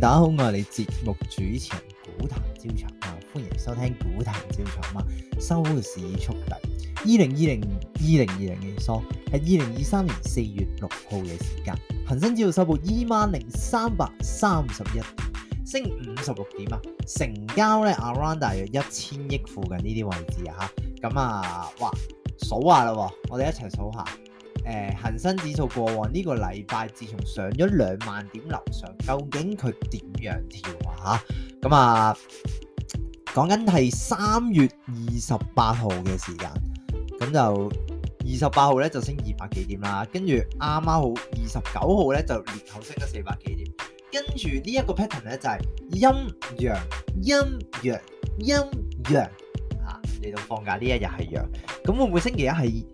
大家好我係你節目主持人股壇招財貓啊，歡迎收聽股壇招財貓嘛，收市速遞，二零二零二零二零年月數係二零二三年四月六號嘅時間，恒生指數收報二萬零三百三十一點，升五十六點啊，成交咧 around 大約一千億附近呢啲位置啊吓，咁啊，哇，數下啦，我哋一齊數一下。誒恆、呃、生指數過往呢、這個禮拜，自從上咗兩萬點樓上，究竟佢點樣跳、嗯、啊？嚇咁啊，講緊係三月二十八號嘅時間，咁就二十八號咧就升二百幾點啦，跟住啱啱好二十九號咧就裂口升咗四百幾點，跟住呢一個 pattern 咧就係陰陽陰陽陰陽嚇，嚟到、啊、放假一陽會會呢一日係陽，咁會唔會星期一係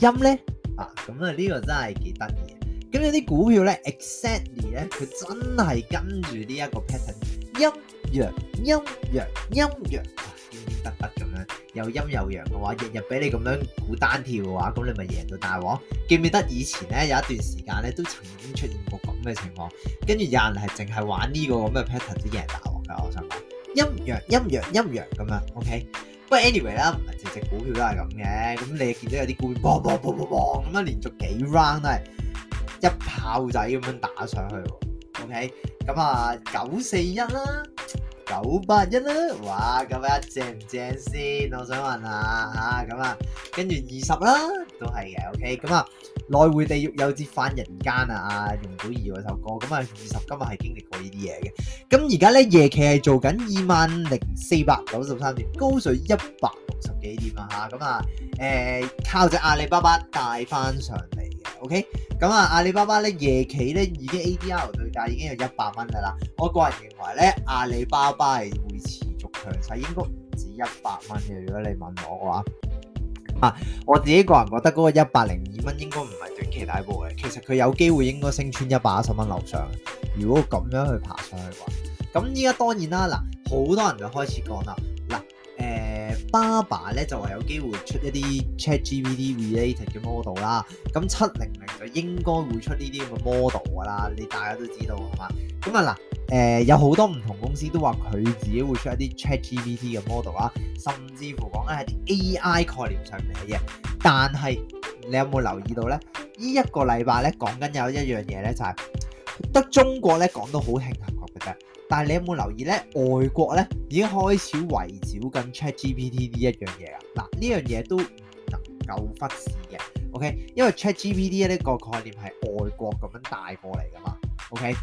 陰咧？啊，咁啊呢個真係幾、exactly 啊、得意，咁有啲股票咧，exactly 咧，佢真係跟住呢一個 pattern，陰陽陰陽陰陽，顛顛得得咁樣，又陰又陽嘅話，日日俾你咁樣估單跳嘅話，咁你咪贏到大鑊。記唔記得以前咧有一段時間咧都曾經出現過咁嘅情況，跟住有人係淨係玩呢個咁嘅 pattern 都贏大鑊噶，我想講，陰陽陰陽陰陽咁樣，ok。Anyway, 不過 anyway 啦，唔係隻隻股票都係咁嘅，咁你見到有啲股票噏噏噏噏噏咁啊，砰砰砰砰砰砰砰樣，連續幾 round 都係一炮仔咁樣打上去喎，OK？咁啊，九四一啦。九八一啦，哇，咁啊正唔正先？我想問下吓，咁啊，跟住二十啦，都係嘅，OK，咁啊，嚟回地獄又折返人間啊，阿容祖兒首歌，咁啊二十今日係經歷過呢啲嘢嘅。咁而家咧夜期係做緊二萬零四百九十三點，高水一百六十幾點啊吓，咁啊，誒、欸，靠隻阿里巴巴帶翻上嚟。O K，咁啊，阿里巴巴咧夜期咧已經 A D R 對價已經有一百蚊噶啦，我個人認為咧阿里巴巴係會持續強勢，應該唔止一百蚊嘅。如果你問我嘅話，啊，我自己個人覺得嗰個一百零二蚊應該唔係短期大波嘅，其實佢有機會應該升穿一百一十蚊樓上。如果咁樣去爬上去嘅話，咁依家當然啦、啊，嗱，好多人就開始講啦。誒，BABA 咧就話、是、有機會出一啲 ChatGPT related 嘅 model 啦。咁七零零就應該會出呢啲咁嘅 model 噶啦，你大家都知道係嘛？咁啊嗱，誒、呃、有好多唔同公司都話佢自己會出一啲 ChatGPT 嘅 model 啦，甚至乎講緊係啲 AI 概念上面嘅嘢。但係你有冇留意到咧？這個、呢一個禮拜咧講緊有一樣嘢咧，就係、是、得中國咧講到好興幸作嘅啫。但係你有冇留意咧？外國咧已經開始圍繞緊 ChatGPT 呢一樣嘢喇！嗱，呢樣嘢都唔能夠忽視嘅，OK？因為 ChatGPT 呢個概念係外國咁樣帶過嚟噶嘛，OK？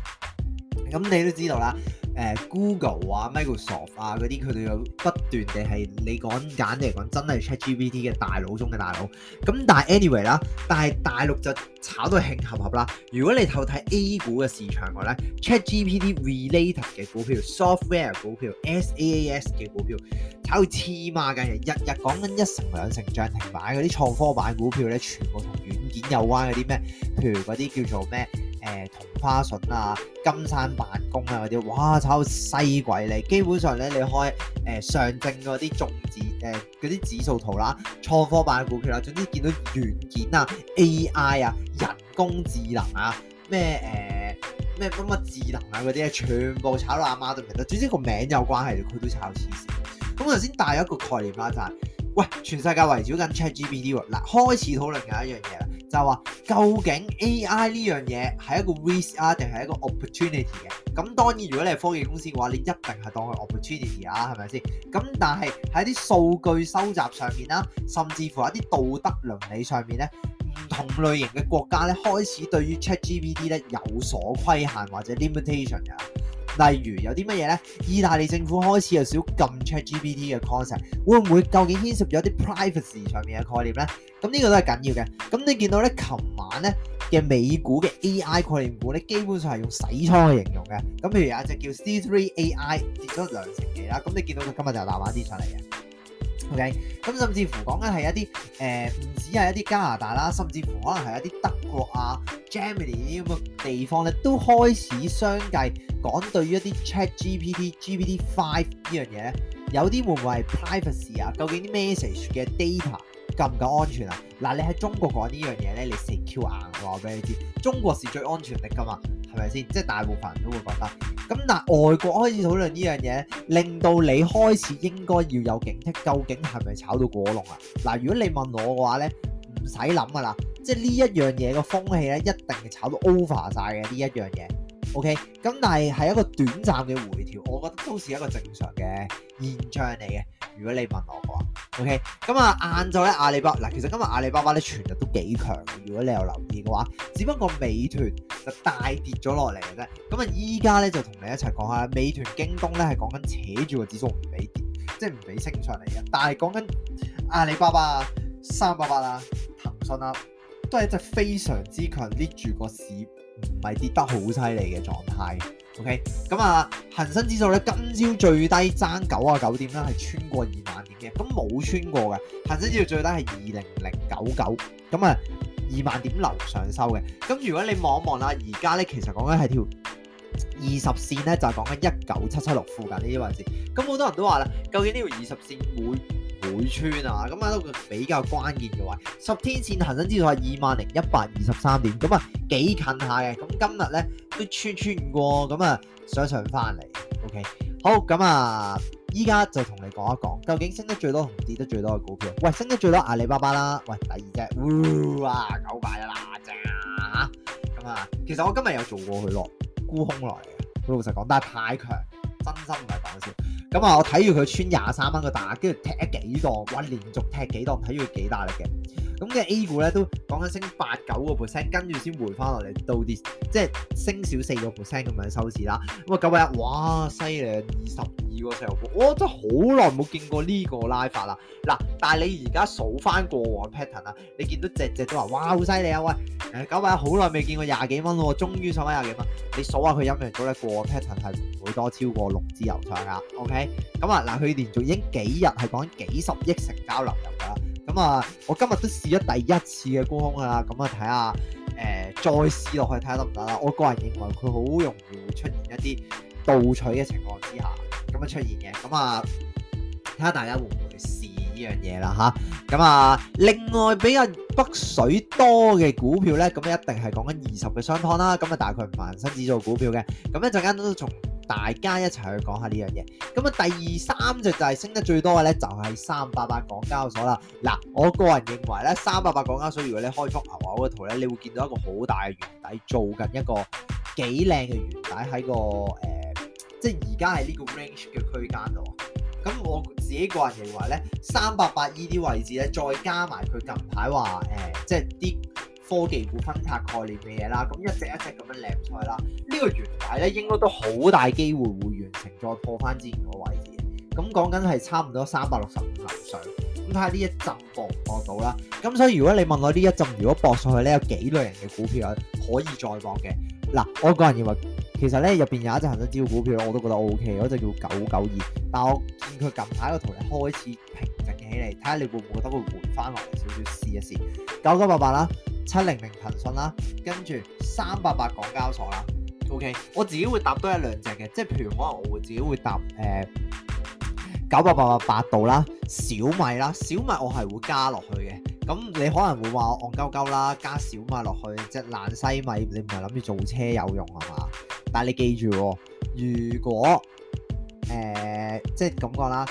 咁你都知道啦，誒、欸、Google 啊、Microsoft 啊嗰啲，佢哋有不斷地係你講簡單嚟講，真係 ChatGPT 嘅大佬中嘅大佬。咁但係 anyway 啦，但係大陸就炒到興合合啦。如果你透睇 A 股嘅市場話咧，ChatGPT related 嘅股票、software 股票、SaaS 嘅股票，炒到黐孖筋，日日講緊一成兩成漲停板嗰啲創科板股票咧，全部同軟件有關嗰啲咩，譬如嗰啲叫做咩？誒同、欸、花筍啊、金山辦公啊嗰啲，哇炒到西鬼你。基本上咧，你開誒、呃、上證嗰啲種子，誒嗰啲指數圖啦、啊、創科板股票啦、啊，總之見到軟件啊、AI 啊、人工智能啊、咩誒咩乜乜智能啊嗰啲咧，全部炒到阿媽，媽都唔得。總之個名有關係，佢都炒到黐線。咁頭先帶一個概念啦，就係、是：喂，全世界圍繞緊 ChatGPT 喎。嗱，開始討論另一樣嘢啦。就話究竟 AI 呢樣嘢係一個 risk 啊，定係一個 opportunity 嘅啊？咁當然如果你係科技公司嘅話，你一定係當佢 opportunity 啊，係咪先？咁但係喺啲數據收集上面啦，甚至乎喺啲道德倫理上面咧，唔同類型嘅國家咧，開始對於 ChatGPT 咧有所規限或者 limitation 嘅。例如有啲乜嘢咧？意大利政府開始有少少禁 ChatGPT 嘅 concept，會唔會究竟牽涉咗啲 privacy 上面嘅概念咧？咁呢個都係緊要嘅。咁你見到咧，琴晚咧嘅美股嘅 AI 概念股咧，基本上係用洗倉去形容嘅。咁譬如有一隻叫 C3AI 跌咗兩成幾啦，咁你見到佢今日就彈翻啲上嚟嘅。O.K.，咁甚至乎講緊係一啲誒，唔、呃、止係一啲加拿大啦，甚至乎可能係一啲德國啊、Germany 咁嘅地方咧，都開始相繼講對於一啲 Chat GPT GP、GPT Five 呢樣嘢，有啲會唔會係 privacy 啊？究竟啲 message 嘅 data？夠唔夠安全啊？嗱、啊，你喺中國講呢樣嘢咧，你成 Q 硬話俾你知，中國是最安全的噶嘛？係咪先？即係大部分人都會覺得。咁、嗯、嗱，外國開始討論呢樣嘢，令到你開始應該要有警惕，究竟係咪炒到過龍啊？嗱、啊，如果你問我嘅話咧，唔使諗噶啦，即係呢一樣嘢嘅風氣咧，一定係炒到 over 晒嘅呢一樣嘢。OK，咁、嗯、但係係一個短暫嘅回調，我覺得都是一個正常嘅現象嚟嘅。如果你問我嘅話。OK，咁啊，晏晝咧阿里巴巴，嗱，其實今日阿里巴巴咧全日都幾強嘅，如果你有留意嘅話，只不過美團就大跌咗落嚟嘅啫。咁啊，依家咧就同你一齊講下，美團、京東咧係講緊扯住個指數唔俾跌，即係唔俾升上嚟嘅。但係講緊阿里巴巴、三八八啊、騰訊啊，都係一隻非常之強，lift 住個市，唔係跌得好犀利嘅狀態。O K，咁啊，恒生指數咧，今朝最低爭九啊九點啦，係穿過二萬點嘅，咁冇穿過嘅，恒生指數最低係二零零九九，咁啊，二萬點樓上收嘅，咁如果你望一望啦，而家咧其實講緊係條二十線咧，就係講緊一九七七六附近呢啲位置，咁好多人都話啦，究竟呢條二十線會會穿啊，咁啊都比較關鍵嘅話，十天線恒生指數係二萬零一百二十三點，咁啊幾近下嘅，咁今日咧都穿穿過，咁啊想上翻嚟，OK，好，咁啊依家就同你講一講，究竟升得最多同跌得最多嘅股票，喂，升得最多阿里巴巴啦，喂，第二隻，哇、呃、九百一啦，正、呃、啊，咁啊，其實我今日有做過佢落沽空嚟嘅，老實講，但係太強，真心唔係講笑。咁、嗯、我睇住佢穿廿三蚊嘅打，跟住踢了幾檔，哇！連續踢了幾檔，睇住佢幾大力嘅。咁嘅 A 股咧都講緊升八九個 percent，跟住先回翻落嚟到啲，即係升少四個 percent 咁樣收市啦。咁啊，九百一，哇，犀利二十二個石油股，我真係好耐冇見過呢個拉法啦。嗱，但係你而家數翻過往 pattern 啊，你見到隻隻都話哇，好犀利啊！喂，誒，九百一，好耐未見過廿幾蚊咯，終於上翻廿幾蚊。你數下佢陰陽燭咧，過往 pattern 係唔會多超過六支油槍噶。OK，咁啊，嗱，佢連續已經幾日係講緊幾十億成交流入噶。咁啊，我今日都試咗第一次嘅高空啊，咁啊睇下誒再試落去睇下得唔得啦。我個人認為佢好容易會出現一啲盜取嘅情況之下咁樣出現嘅。咁啊，睇下大家會唔會試呢樣嘢啦吓，咁啊，另外比較北水多嘅股票咧，咁一定係講緊二十嘅商湯啦。咁啊，大概萬新指數股票嘅。咁一陣間都從。大家一齊去講下呢樣嘢。咁啊，第二三隻就係升得最多嘅咧，就係三百八港交所啦。嗱，我個人認為咧，三百八港交所如果你開幅牛牛嘅圖咧，你會見到一個好大嘅圓底，做緊一個幾靚嘅圓底喺個誒、呃，即係而家喺呢個 range 嘅區間度。咁我自己個人認為咧，三百八呢啲位置咧，再加埋佢近排話誒，即係啲。科技股分拆概念嘅嘢啦，咁一直一直咁樣舐出嚟啦。這個、原呢個懸牌咧，應該都好大機會會完成再破翻之前個位置。咁講緊係差唔多三百六十五樓上咁，睇下呢一陣搏唔搏到啦。咁所以如果你問我呢一陣如果搏上去咧，有幾類型嘅股票可以再搏嘅。嗱，我個人認為其實咧，入邊有一隻行得焦嘅股票，我都覺得 O K，嗰隻叫九九二。但我見佢近排個圖開始平靜起嚟，睇下你會唔會覺得會回翻落嚟少少試一試九九八八啦。七零零騰訊啦，跟住三八八港交所啦。OK，我自己會搭多一兩隻嘅，即係譬如可能我會自己會搭誒、呃、九八八八百度啦、小米啦，小米我係會加落去嘅。咁你可能會話我戇鳩鳩啦，加小米落去即係爛西米，你唔係諗住做車有用係嘛？但係你記住、哦，如果誒、呃、即係咁講啦，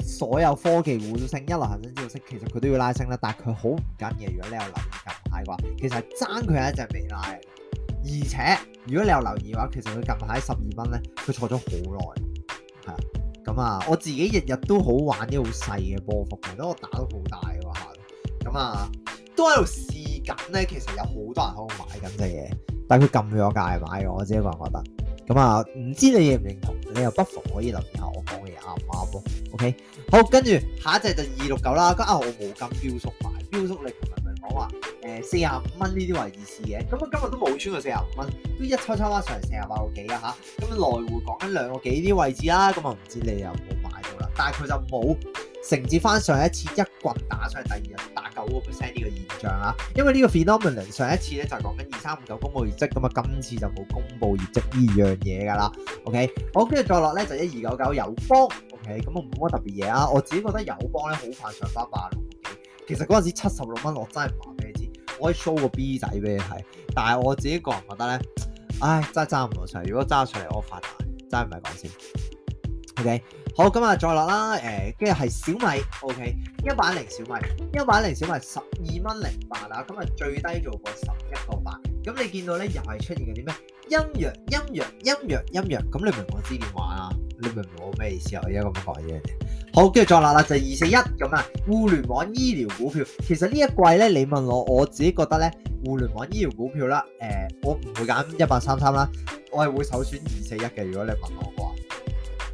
所有科技股升一輪行先知道升，其實佢都要拉升啦，但係佢好唔跟嘅。如果你有諗緊。係啩，其實爭佢係一隻未拉，而且如果你有留意嘅話，其實佢近排十二蚊咧，佢坐咗好耐，係咁啊，我自己日日都好玩啲好細嘅波幅嘅，不過我打到好大嘅喎嚇。咁啊，都喺度試緊咧。其實有好多人喺度買緊嘅嘢，但係佢撳咗界買嘅，我自己一個人覺得。咁啊，唔知你認唔認同？你又不妨可以留意下我講嘅嘢啱唔啱？OK，好，跟住下一隻就二六九啦。咁啊，我冇咁標速買，標速力同埋唔講話。誒四廿五蚊呢啲位置試嘅，咁啊，今日都冇穿過四廿五蚊，都一抽抽翻上嚟四廿八個幾啊嚇。咁啊來回講緊兩個幾啲位置啦，咁啊，唔知你有冇買到啦？但係佢就冇承接翻上一次一棍打上去第二日打九個 percent 呢個現象啦。因為呢個 phenomenon 上一次咧就係講緊二三五九公佈業績，咁啊今次就冇公佈業績呢樣嘢㗎啦。OK，好，跟住再落咧就一二九九友邦。OK，咁我冇乜特別嘢啊。我自己覺得友邦咧好快上翻八十六個幾。其實嗰陣時七十六蚊我真係唔話畀。我可以 show 個 B 仔俾你睇，但係我自己個人覺得咧，唉，真係揸唔到上。如果揸上嚟，我發達，揸唔係講笑。O、OK? K，好，咁日再落啦。誒、呃，跟住係小米，O K，一百零小米，一百零小米十二蚊零八啊。咁啊，08，最低做個十一個八。咁你見到咧，又係出現緊啲咩？陰陽，陰陽，陰陽，陰陽。咁你明唔明我指點玩啊？你明唔明我咩意思啊？我而家咁講嘢，好，跟住再啦啦就二四一咁啊！互聯網醫療股票，其實呢一季咧，你問我，我自己覺得咧，互聯網醫療股票啦，誒、呃，我唔會揀一八三三啦，我係會首選二四一嘅。如果你問我嘅話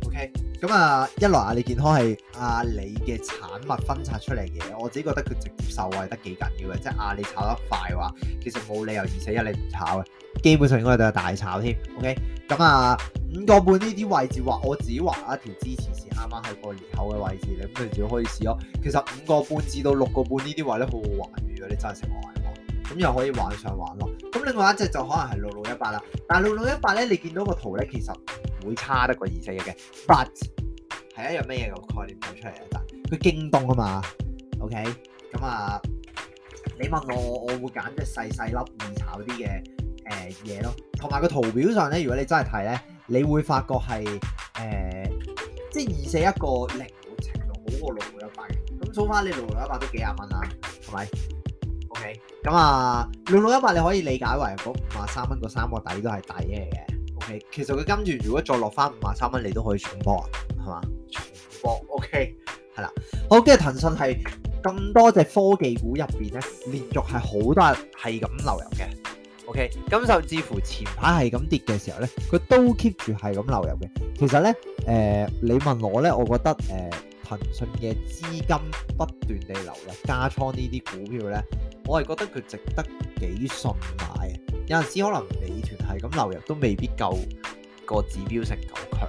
，OK。咁啊，一來阿里健康係阿里嘅產物分拆出嚟嘅，我自己覺得佢直接受惠得幾緊要嘅，即係阿里炒得快話，其實冇理由二四一你唔炒嘅，基本上應該都係大炒添。OK，咁啊，五個半呢啲位置話，我自己畫一條支持線，啱啱係過年後嘅位置，你咁你仲可以試咯。其實五個半至到六個半呢啲位咧，好好玩，如果你真係識玩。咁又可以玩上玩咯，咁另外一隻就可能係六六一八啦，但係六六一八咧，你見到個圖咧，其實會差得過二四一嘅，but 係一樣咩嘢嘅概念出嚟啊？但佢驚動啊嘛，OK，咁啊，你問我，我會揀隻細細粒易炒啲嘅誒嘢咯，同、呃、埋個圖表上咧，如果你真係睇咧，你會發覺係誒即係二四一個零程度咯，好過六六一八嘅，咁數翻你六六一八都幾廿蚊啊，係咪？咁啊，六六一八你可以理解為嗰五萬三蚊個三個底都係底嚟嘅。OK，其實佢跟住如果再落翻五萬三蚊，你都可以重播啊，係嘛？重播。O K，係啦。好，跟住騰訊係咁多隻科技股入邊咧，連續係好多日係咁流入嘅。O K，咁甚至乎前排係咁跌嘅時候咧，佢都 keep 住係咁流入嘅。其實咧，誒、呃，你問我咧，我覺得誒。呃騰訊嘅資金不斷地流入加倉呢啲股票咧，我係覺得佢值得幾信買。有陣時可能美團係咁流入都未必夠個指標性咁強。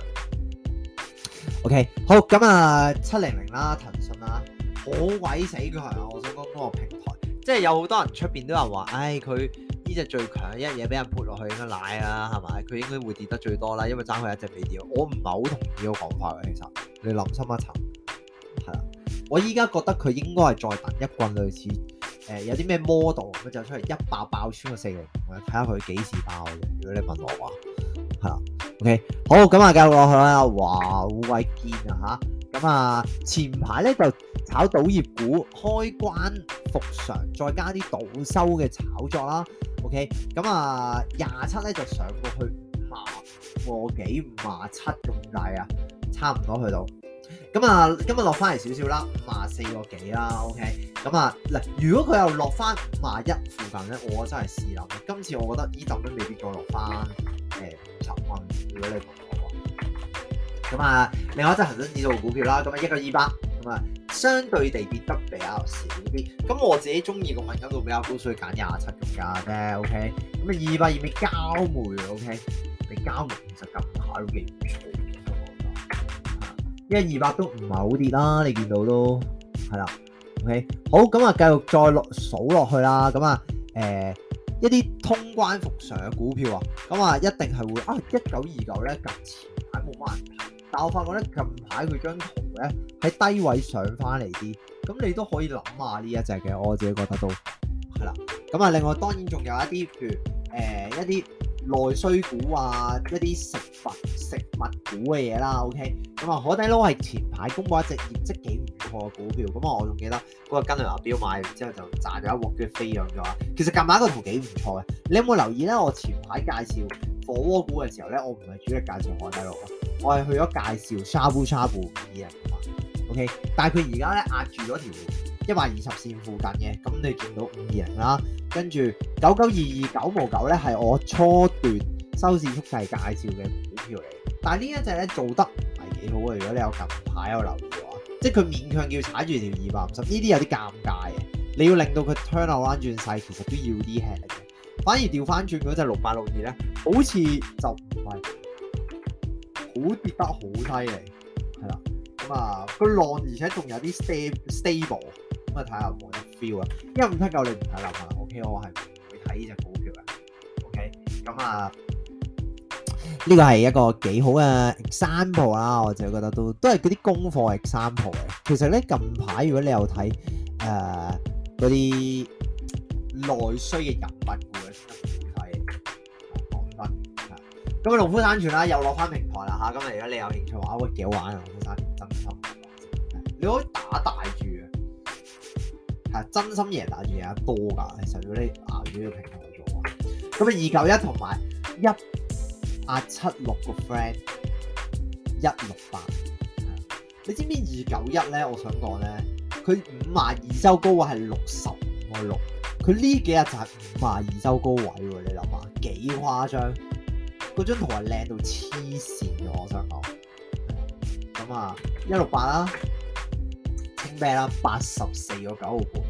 OK，好咁啊，七零零啦，騰訊啦，好鬼死強啊！我想講呢個平台，即係有好多人出邊都有人話，唉，佢呢隻最強，一嘢俾人潑落去應該瀨啊，係咪？佢應該會跌得最多啦，因為爭佢一隻尾碟。我唔係好同意個講法嘅，其實你諗深一層。我依家覺得佢應該係再等一棍，類似誒、呃、有啲咩 model 咁就出嚟一爆爆穿個四零五。睇下佢幾時爆嘅。如果你問我話，係啦，OK，好咁啊、嗯嗯，繼續落去啦。哇，好鬼堅啊吓，咁啊，嗯、前排咧就炒賭業股開關復常，再加啲賭收嘅炒作啦。OK，咁啊，廿、嗯嗯、七咧就上到去、啊、五萬個、哦、幾五萬七咁大啊，差唔多去到。咁啊，今日落翻嚟少少啦，五廿四個幾啦，OK。咁啊，嗱，如果佢又落翻五廿一附近咧，我真係試諗，今次我覺得呢啖都未必再落翻誒七蚊，如果你同我講。咁啊，另外一隻恒生指數股票啦，咁啊一個二百，咁啊相對地跌得比較少啲。咁我自己中意個敏感度比較高，所以揀廿七個價啫，OK。咁啊，二百二咪交梅，OK，你交梅其實咁嚇都幾唔錯。一二百都唔係好跌啦，你見到都係啦，OK，好咁、呃、啊，繼續再落數落去啦，咁啊，誒一啲通關復常嘅股票啊，咁啊一定係會啊一九二九咧，近前排冇乜人睇，但我發覺咧近排佢張圖咧喺低位上翻嚟啲，咁你都可以諗下呢一隻嘅，我自己覺得都係啦，咁啊另外當然仲有一啲譬如誒、呃、一啲。內需股啊，一啲食物、食物股嘅嘢啦。OK，咁啊，海底撈係前排公布一隻業績幾唔錯嘅股票。咁啊，我仲記得嗰個跟量阿彪買，然之後就賺咗一鑊腳飛揚咗。其實夾埋一個圖幾唔錯嘅。你有冇留意咧？我前排介紹火鍋股嘅時候咧，我唔係主力介紹海底撈啊，我係去咗介紹沙煲沙煲嘅人啊。OK，但係佢而家咧壓住咗條一百二十線附近嘅，咁你見到五二零啦，跟住九九二二九毛九咧係我初段收市速遞介紹嘅股票嚟，但係呢一隻咧做得唔係幾好啊！如果你有近排有留意嘅話，即係佢勉強要踩住條二百五十，呢啲有啲尷尬嘅，你要令到佢 turn around 轉勢，其實都要啲 h 力嘅，反而調翻轉嗰隻六百六二咧，好似就唔係好，好跌得好犀利，係啦，咁、那、啊個浪而且仲有啲 sta, stable。咁睇下盤啲 feel 啊！因一五七九，你唔睇樓盤 OK 我係唔會睇呢隻股票嘅。OK，咁啊，呢個係一個幾好嘅 example 啦。我就覺得都都係嗰啲功課 example 嚟。其實咧，近排如果你有睇誒嗰啲內需嘅人物股咧，都幾好睇嘅。黃分咁啊，農、啊、夫山泉啦、啊，又攞翻平台啦吓、啊，今日如果你有興趣話會玩，喂幾好玩啊！農夫山泉真心，你可以打大注。啊！真心贏打住嘅多㗎，係受到你牙呢要平台做。啊！咁啊，二九一同埋一啊七六個 friend，一六八。你知唔知二九一咧？我想講咧，佢五十二周高位係六十五個六，佢呢幾日就係五十二周高位喎！你諗下幾誇張？嗰張圖係靚到黐線嘅，我想講。咁啊，一六八啦。咩啦？八十四個九毫半，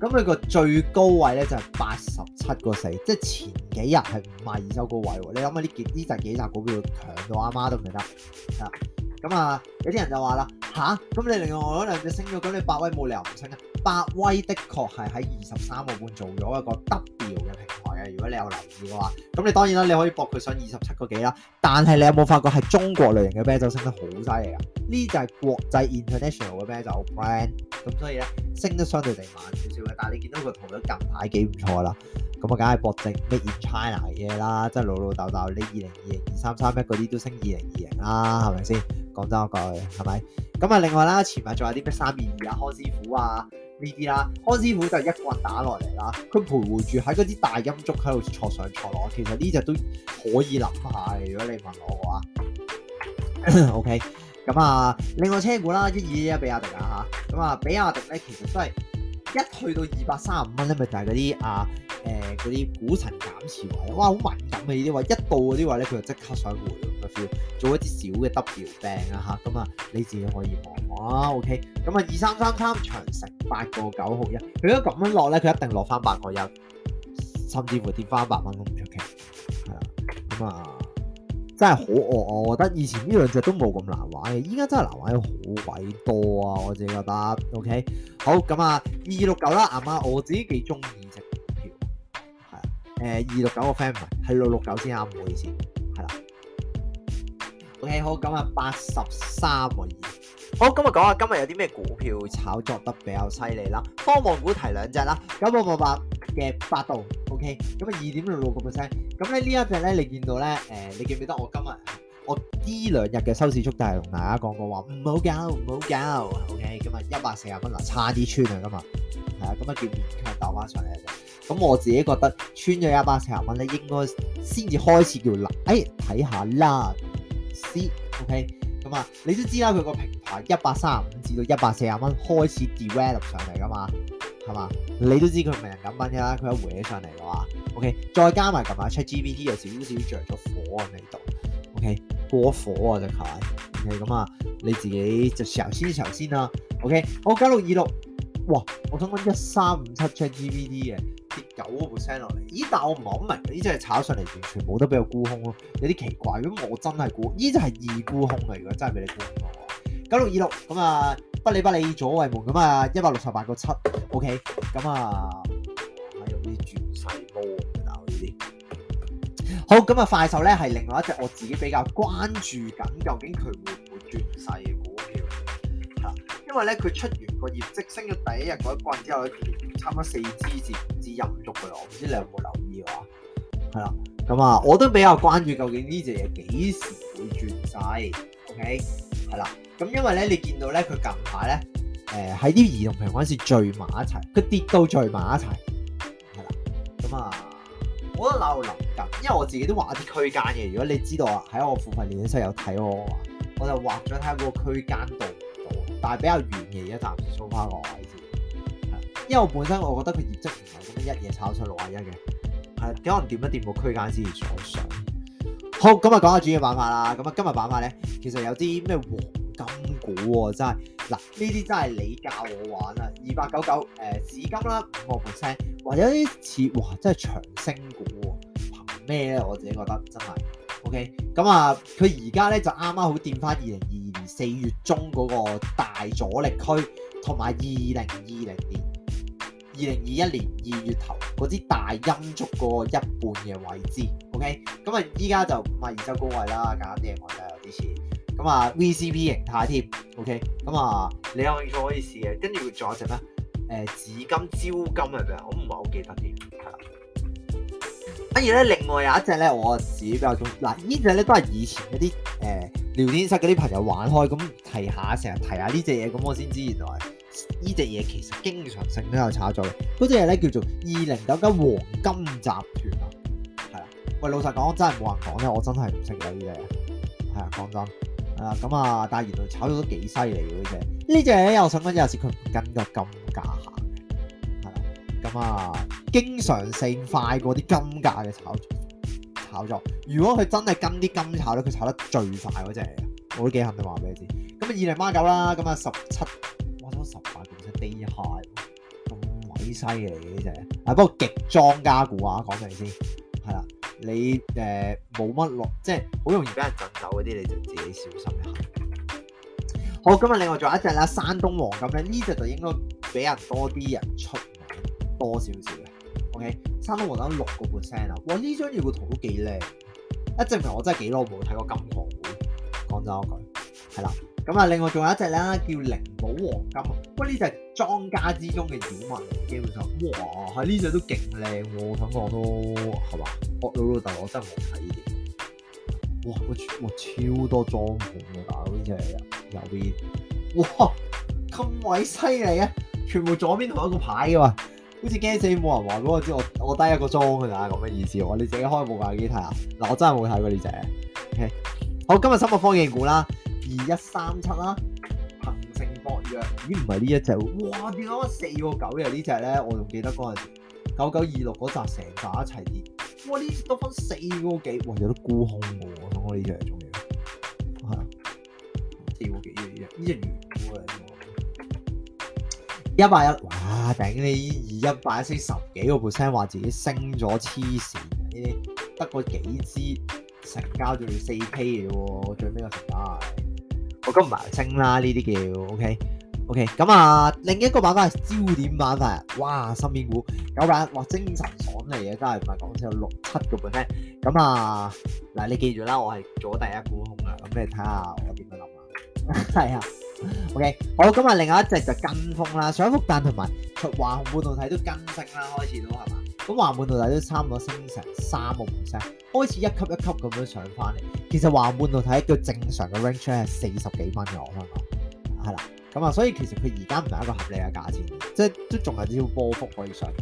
咁你個最高位咧就係八十七個四，即係前幾日係五十二周高位喎。你諗下呢件呢扎幾扎股票強到阿媽都唔記得啊！咁啊，有啲人就話啦：吓、啊？咁你另外嗰兩隻升咗，咁你百威冇理由唔升。」啊？百威的確係喺二十三個半做咗一個 W 嘅。誒，如果你有留意嘅話，咁你當然啦，你可以搏佢上二十七個幾啦。但係你有冇發覺係中國類型嘅啤酒升得好犀利啊？呢就係國際 international 嘅啤酒 brand，咁所以咧升得相對地慢少少嘅。但係你見到個圖咧，近排幾唔錯啦。咁啊，梗係搏正 made in China 嘅啦，即係老老豆豆，你二零二零二三三一嗰啲都升二零二零啦，係咪先？講真句係咪？咁啊，另外啦，前排仲有啲咩三二二啊，康師傅啊呢啲啦，康師傅就一棍打落嚟啦，佢徘徊住喺嗰啲大陰燭喺度坐上坐落，其實呢隻都可以諗下，如果你問我嘅話。O K，咁啊，另外車股啦、啊，一二一比亞迪啊吓，咁啊，比亞迪咧，其實都係。一去到二百三十五蚊咧，咪就係嗰啲啊，誒啲股神減持位，哇，好敏感嘅啲位，一到嗰啲位咧，佢就即刻想回咯，feel 做一啲小嘅 W 病啊嚇，咁啊，你自己可以望哇，OK，咁啊，二三三三長城八個九毫一，佢如果咁樣落咧，佢一定落翻八個一，甚至乎跌翻一百蚊都唔出奇，係啊，咁啊。真係好惡，我覺得以前呢兩隻都冇咁難玩嘅，依家真係難玩好鬼多啊！我自己覺得，OK，好咁啊，二六九啦，阿媽我自己幾中意隻股票，係誒二六九個 friend 唔係，係六六九先啱，唔好意思，係啦，OK，好咁啊，八十三個二，好咁啊，講下今日有啲咩股票炒作得比較犀利啦，科望股提兩隻啦，咁我八。嘅百度，OK，咁啊二點六六個 percent，咁咧呢一隻咧，你見到咧，誒、呃、你記唔記得我今日我呢兩日嘅收市速遞係同大家講過話唔好搞，唔好搞。OK 今日一百四十蚊啊差啲穿啊㗎嘛。係啊，今日叫勉強打返上嚟，咁我自己覺得穿咗一百四十蚊咧應該先至開始叫啦，誒睇下啦，C OK，咁啊你都知啦，佢個平台一百三十五至到一百四十蚊開始 develop 上嚟噶嘛。係嘛？你都知佢唔係人咁樣噶啦，佢一回起上嚟嘅話，OK，再加埋近排出 GPT 有少少着咗火嘅味道，OK，過火啊就係，OK，咁啊，你自己就嘗先嘗先啦、啊，OK，我九六二六，哇，我想搵一三五七出 GPT 嘅跌九個 percent 落嚟，咦？但我唔係好明，呢隻係炒上嚟完全冇得俾我沽空咯，有啲奇怪。如果我真係沽，呢隻係易沽空，沽空26，啊！如果真係俾你沽到，九六二六咁啊。不理不理左衛門咁啊！一百六十八個七，OK，咁啊，有啲轉勢波啊？大呢啲好咁啊！快手咧係另外一隻我自己比較關注緊，究竟佢會唔會轉勢嘅股票？係因為咧佢出完個業績，升咗第一日嗰一棍之後，差唔多四支至五支入唔足嘅，我唔知你有冇留意喎？係啦，咁啊，我都比較關注究竟呢隻嘢幾時會轉勢？OK，係啦。咁因為咧，你見到咧，佢近排咧，誒喺啲移動平均線嗰聚埋一齊，佢跌到聚埋一齊，係啦。咁啊，我喺度諗緊，因為我自己都畫啲區間嘅。如果你知道啊，喺我庫存電影室有睇我嘅話，我就畫咗睇個區間度度，但係比較遠嘅一啖 sofa 個位先。因為我本身我覺得佢業績唔係咁樣一夜炒出六啊一嘅，係幾可能掂一掂個區間先至上。好，咁啊，講下主要板塊啦。咁啊今日板塊咧，其實有啲咩金股喎、哦、真係，嗱呢啲真係你教我玩啊！二百九九誒紫金啦，五個 percent，或者啲似哇真係長升股喎、哦，憑咩咧？我自己覺得真係，OK 咁、嗯、啊，佢而家咧就啱啱好掂翻二零二二年四月中嗰個大阻力區，同埋二零二零年、二零二一年二月頭嗰支大陰燭嗰個一半嘅位置，OK 咁、嗯、啊，依、嗯、家就唔係二周高位啦，減啲嘢買都有啲錢。啊，V C P 形態添，OK 咁啊，你可以可以試嘅。跟住仲有一隻咩？誒、呃、紫金、招金係咪啊？我唔係好記得添。反而咧，另外有一隻咧，我自己比較中意。嗱呢隻咧都係以前嗰啲誒聊天室嗰啲朋友玩開咁提下，成日提下呢隻嘢，咁我先知原來呢隻嘢其實經常性都有炒作嘅。嗰隻嘢咧叫做二零九九黃金集團啊，係啊。喂，老實講，真係冇人講咧，我真係唔識到呢隻嘢，係啊，講真。係咁啊，但係原來炒到都幾犀利㗎呢隻，呢隻又想講，有時佢唔跟個金價行，係啦，咁、嗯、啊、嗯，經常性快過啲金價嘅炒炒作，如果佢真係跟啲金炒咧，佢炒得最快嗰隻嚟嘅，我都幾肯定話俾你知。咁、嗯、啊，二零孖九啦，咁、嗯、啊，十七摸到十八點七跌下，咁鬼犀利嘅呢隻，啊、嗯，不過極莊家股啊，講明先，係啦。你誒冇乜落，即係好容易俾人震走嗰啲，你就自己小心一下。好，今日另外仲有一隻啦，山東黃金咁樣，呢隻就應該俾人多啲人出，多少少嘅。OK，山東黃得六個 percent 啊，哇！呢張嘢個圖都幾靚，一隻唔係我真係幾耐冇睇過金礦股，講真嗰句，係啦。咁啊，另外仲有一隻咧叫靈寶黃金，喂，呢隻莊家之中嘅掌門，基本上哇，喺呢隻都勁靚，我感講都係嘛我老豆大佬真係冇睇嘅，哇，隻哦、我，我，我哇哇超多莊盤嘅，但係呢隻右邊，哇咁鬼犀利啊！全部左邊同一個牌嘅好似驚死冇人玩嗰個，我我，我低一個莊噶咋，咁、那、嘅、個、意思我哋自己開部遊機睇下，嗱，我真係冇睇過呢隻，ok，好，今日新嘅科技股啦。二一三七啦，啊，騰盛博藥咦唔係、啊、呢一隻喎？哇，點解四個九嘅呢隻咧？我仲記得嗰陣九九二六嗰扎成紮一齊跌，哇呢都分四個幾，哇有得沽空嘅，啊，我諗呢隻係重要，係啊，四個幾嘅呢隻，呢隻完估嘅，一百一哇頂你二一八一升十幾個 percent，話自己升咗黐線，呢啲得個幾支成交仲要四 k 嘅，我最尾個成交。我今日唔係清啦，呢啲叫 OK OK 咁啊，另一個板塊係焦點板塊啊，哇，芯片股九板，哇，精神爽利啊，真係唔係講笑，有六七個半升，咁啊嗱，你記住啦，我係做第一股空啦，咁你睇下我點樣諗啊？係啊，OK，我今日另外一隻就跟風啦，上海復旦同埋華虹半導體都跟升啦，開始都係嘛？咁華滿度睇都差唔多升成三個五 percent，開始一級一級咁樣上翻嚟。其實華滿度睇叫正常嘅 range 係四十幾蚊嘅，我覺得係啦。咁啊、嗯，所以其實佢而家唔係一個合理嘅價錢，即係都仲係要波幅可以上。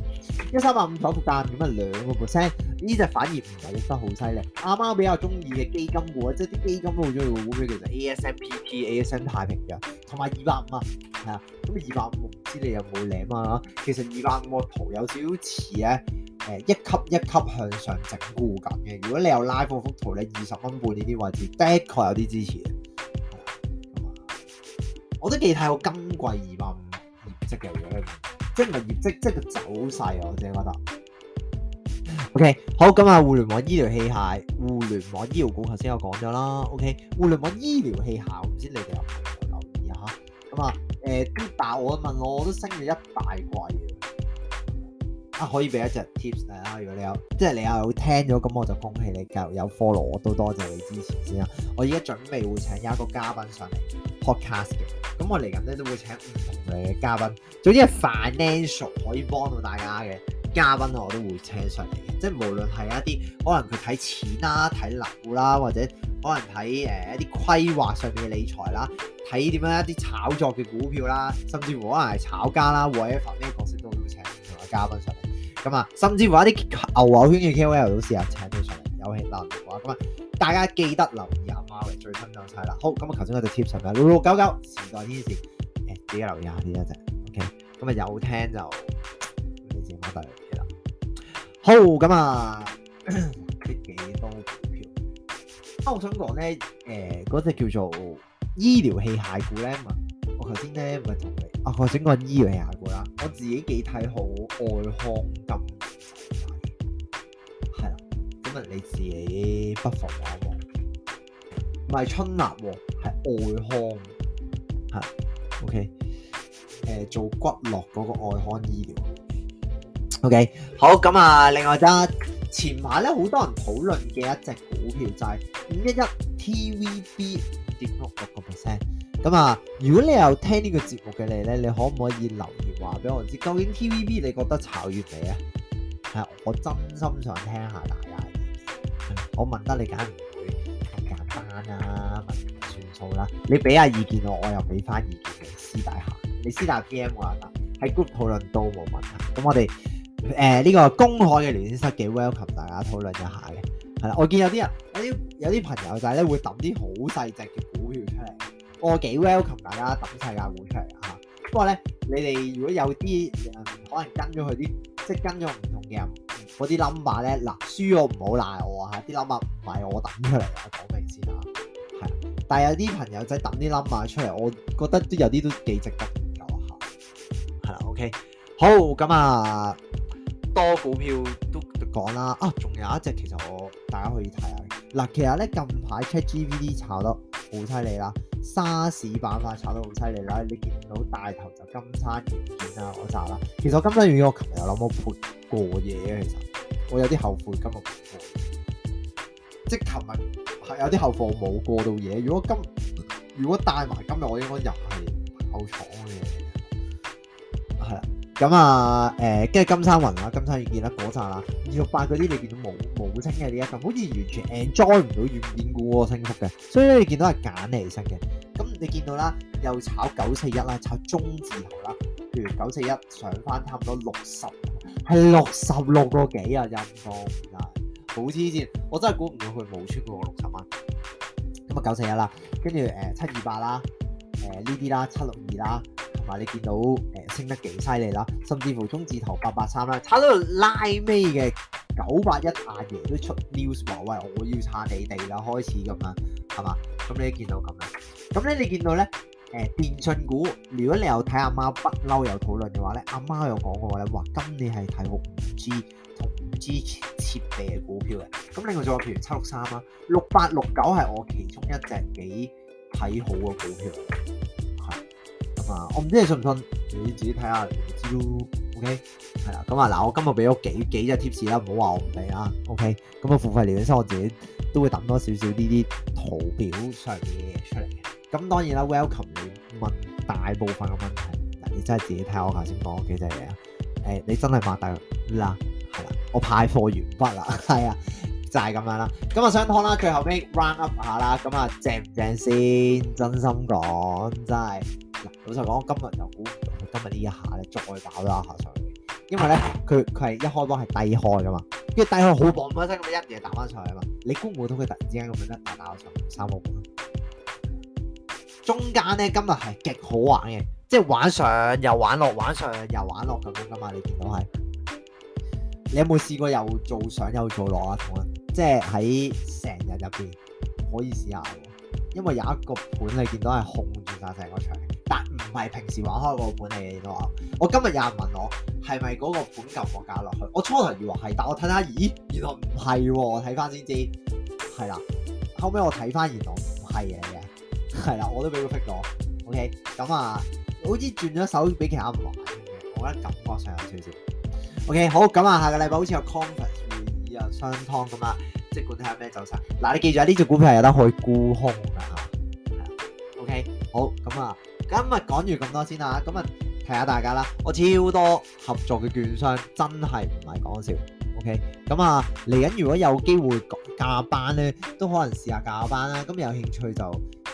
一三百五九幅間咁啊，兩個 percent，呢隻反而唔係得好犀利。阿媽比較中意嘅基金股啊，即係啲基金都好中意嘅，咁樣其實 ASMPT、ASM 太平洋同埋二百五啊，係啊，咁二百五唔知你有冇領啊？其實二百五個圖有少少似咧，誒一級一級向上整固緊嘅。如果你有拉波幅圖咧，二十蚊半呢啲位置的確有啲支持。我都記得有今季二萬五業績嘅樣，即係唔係業績，即係個走勢。啊！我淨係覺得。O、okay, K，好咁啊，互聯網醫療器械、互聯網醫療股我，頭先我講咗啦。O K，互聯網醫療器械，唔知你哋有冇留意啊？咁、嗯、啊，誒，啲大案問我，我都升咗一大季啊！可以俾一隻 tips 啦，如果你有，即係你有聽咗，咁我就恭喜你，繼續有 follow，我都多謝，謝你支持先啦。我而家準備會請一個嘉賓上嚟。podcast 嘅，咁我嚟緊咧都會請唔同嘅嘉賓，總之係 financial 可以幫到大家嘅嘉賓，我都會請上嚟嘅。即係無論係一啲可能佢睇錢啦、啊、睇樓啦，或者可能睇誒一啲規劃上面嘅理財啦，睇點樣一啲炒作嘅股票啦，甚至乎可能係炒家啦 whatever，呢個角色都都會請唔同嘅嘉賓上嚟。咁啊，甚至乎一啲牛牛圈嘅 KOL 都試下請佢上嚟，有興趣嘅話咁啊。大家記得留意阿啊，最新增齊啦。好，咁我頭先嗰隻貼實嘅六六九九時代天使，誒、欸、自己留意下呢一隻。OK，咁啊有聽就自己摸得嚟啦。好，咁啊啲幾多股票？啊，我想講咧，誒嗰隻叫做醫療器械股咧，我頭先咧咪同你啊，我整個醫療器械股啦，我自己幾睇好外殼咁。你自己不妨話、啊、喎，唔係春立喎，係外康嚇，OK，誒、呃、做骨骼嗰個外康醫療，OK，好咁啊！另外啫，前晚咧好多人討論嘅一隻股票就係五一一 TVB 五點六六個 percent，咁啊，如果你有聽個節你呢個節目嘅你咧，你可唔可以留言話俾我，我知，究竟 TVB 你覺得炒完未啊？係啊，我真心想聽下大家。嗯、我問得你梗唔會咁簡單啦、啊，問唔算數啦。你俾下意見我，我又俾翻意見你，私底下。你私底下 game 冇人啦，喺 group 討論多冇問題。咁我哋誒呢個公海嘅聊天室嘅 welcome 大家討論一下嘅，係啦。我見有啲人有啲有啲朋友仔咧會揼啲好細隻嘅股票出嚟，我幾 welcome 大家揼晒價股出嚟嚇、啊。不過咧，你哋如果有啲可能跟咗佢啲，即係跟咗唔同嘅。人。嗰啲 number 咧，嗱，輸了不我唔好賴我啊！啲 number 唔係我等出嚟啊，講明先啊，係啊。但有啲朋友仔抌啲 number 出嚟，我覺得有都有啲都幾值得研究下。係啦，OK，好咁啊，多股票都講啦。啊，仲有一隻其實我大家可以睇下、啊。嗱、啊，其實呢，近排 ChatGPT 炒得好犀利啦。沙士板塊炒到好犀利啦，你見到大頭就金山軟件啦，嗰扎啦。其實我金山軟件我琴日有諗過我盤過嘢嘅，其實我有啲後悔今日盤過，即係琴日有啲後悔冇過到嘢。如果今如果帶埋今日，我應該又係後倉嘅。咁啊，誒、嗯，跟住金山雲啊，金山軟件啦，嗰扎啦，二六八嗰啲你見到冇冇清嘅呢一份，好似完全 enjoy 唔到軟件股個升幅嘅。所以你見到係揀嚟識嘅。咁你見到啦，又炒九四一啦，炒中字頭啦，譬如九四一上返差唔多六十，係六十六個幾啊，陰公啊，好黐線，我真係估唔到佢冇穿過六十蚊。咁啊九四一啦，跟住誒七二八啦，誒呢啲啦七六二啦。同埋你見到誒、呃、升得幾犀利啦，甚至乎中字頭八八三啦，差到拉尾嘅九八一阿爺都出 news 話喂，我要炒你哋啦，開始咁啊，係嘛？咁你見到咁啊？咁咧你見到咧誒、呃、電信股，如果你有睇阿貓不嬲有討論嘅話咧，阿貓有講過咧，話今年係睇好五 G 同五 G 設備嘅股票嘅。咁另外仲有譬如七六三啦，六八六九係我其中一隻幾睇好嘅股票。嗯信信嗯、啊！我唔知你信唔信，你自己睇下，唔知咯。OK，係啦。咁啊，嗱、嗯，我今日俾咗幾幾隻貼士啦，唔好話我唔俾啊。OK，咁啊，付費聊天室我自己都會抌多少少呢啲圖表上嘅嘢出嚟。嘅。咁當然啦，welcome 你問大部分嘅問題，你真係自己睇我頭先講嘅幾隻嘢啊。誒，你真係擘大眼啦，係、欸、啦、啊，我派貨完畢啦，係 啊，就係、是、咁樣啦。咁、嗯、我想看啦，佢後屘 round up 下啦，咁、嗯、啊正唔正先？真心講真係。真老實講，今日又估唔到，今日呢一下咧，再打咗下上嚟，因為咧佢佢係一開波係低開噶嘛，跟住低開好磅啊，真咁一嘢打翻上去啊嘛。你估唔估到佢突然之間咁樣一打翻上去三個盤？中間咧，今日係極好玩嘅，即係玩上又玩落，玩上又玩落咁樣噶嘛。你見到係你有冇試過又做上又做落啊？同即係喺成日入邊可以試下，因為有一個盤你見到係控住晒成個場。但唔係平時玩開個本嚟嘅話，我今日有人問我係咪嗰個本撳個價落去？我初頭以為係，但我睇下，咦，原來唔係喎！睇翻先知，係啦。後尾我睇翻而我唔係嘅，係啦，我都俾佢 pick 咗。OK，咁啊，好似轉咗手俾其他唔同人嘅，我覺得感覺上有少少。OK，好，咁啊，下個禮拜好似有 conference 會議啊，商湯咁啊，即管睇下咩走勢。嗱、啊，你記住啊，呢隻股票係有得可以沽空㗎嚇、啊。OK，好，咁啊。今日講住咁多先啊！咁啊，提下大家啦，我超多合作嘅券商，真係唔係講笑。OK，咁啊，嚟緊如果有機會加班咧，都可能試下加班啦。咁有興趣就誒、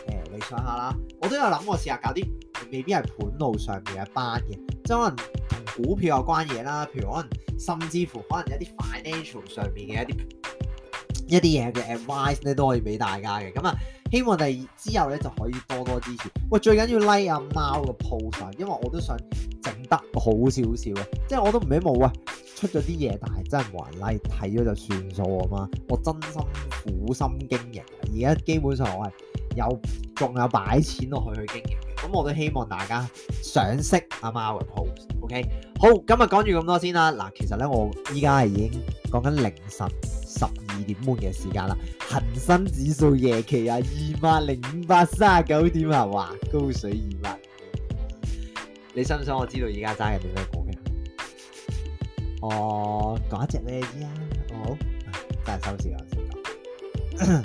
呃，你想下啦。我都有諗，我試下搞啲未必係盤路上面嘅班嘅，即係可能同股票有關嘢啦，譬如可能甚至乎可能有一啲 financial 上面嘅一啲。一啲嘢嘅 advice 咧都可以俾大家嘅，咁啊，希望第哋之後咧就可以多多支持。喂，最緊要 like 阿、啊、貓嘅 post 因為我都想整得好少少嘅，即係我都唔俾冇啊，出咗啲嘢，但係真係冇人 like，睇咗就算數啊嘛。我真心苦心經營，而家基本上我係有，仲有擺錢落去去經營。咁我都希望大家賞識阿、啊、貓嘅 post。OK，好，今日講住咁多先啦。嗱，其實咧我依家係已經講緊凌晨。二點半嘅時間啦，恒生指數夜期啊，二萬零五百三十九點啊哇，高水二萬。你信唔信？我知道而家揸嘅點咩股嘅？哦，講一隻你知啊，好、哦啊，真係收市啦，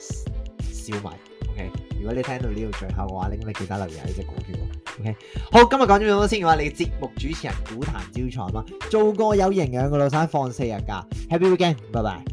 先講小米。OK，如果你聽到呢度最後嘅話，你咁你其他留意下呢隻股票。OK，好，今日講咗咁多先嘅話，你嘅節目主持人股壇招財嘛，做個有營養嘅老生放四日假 ，Happy weekend，拜拜。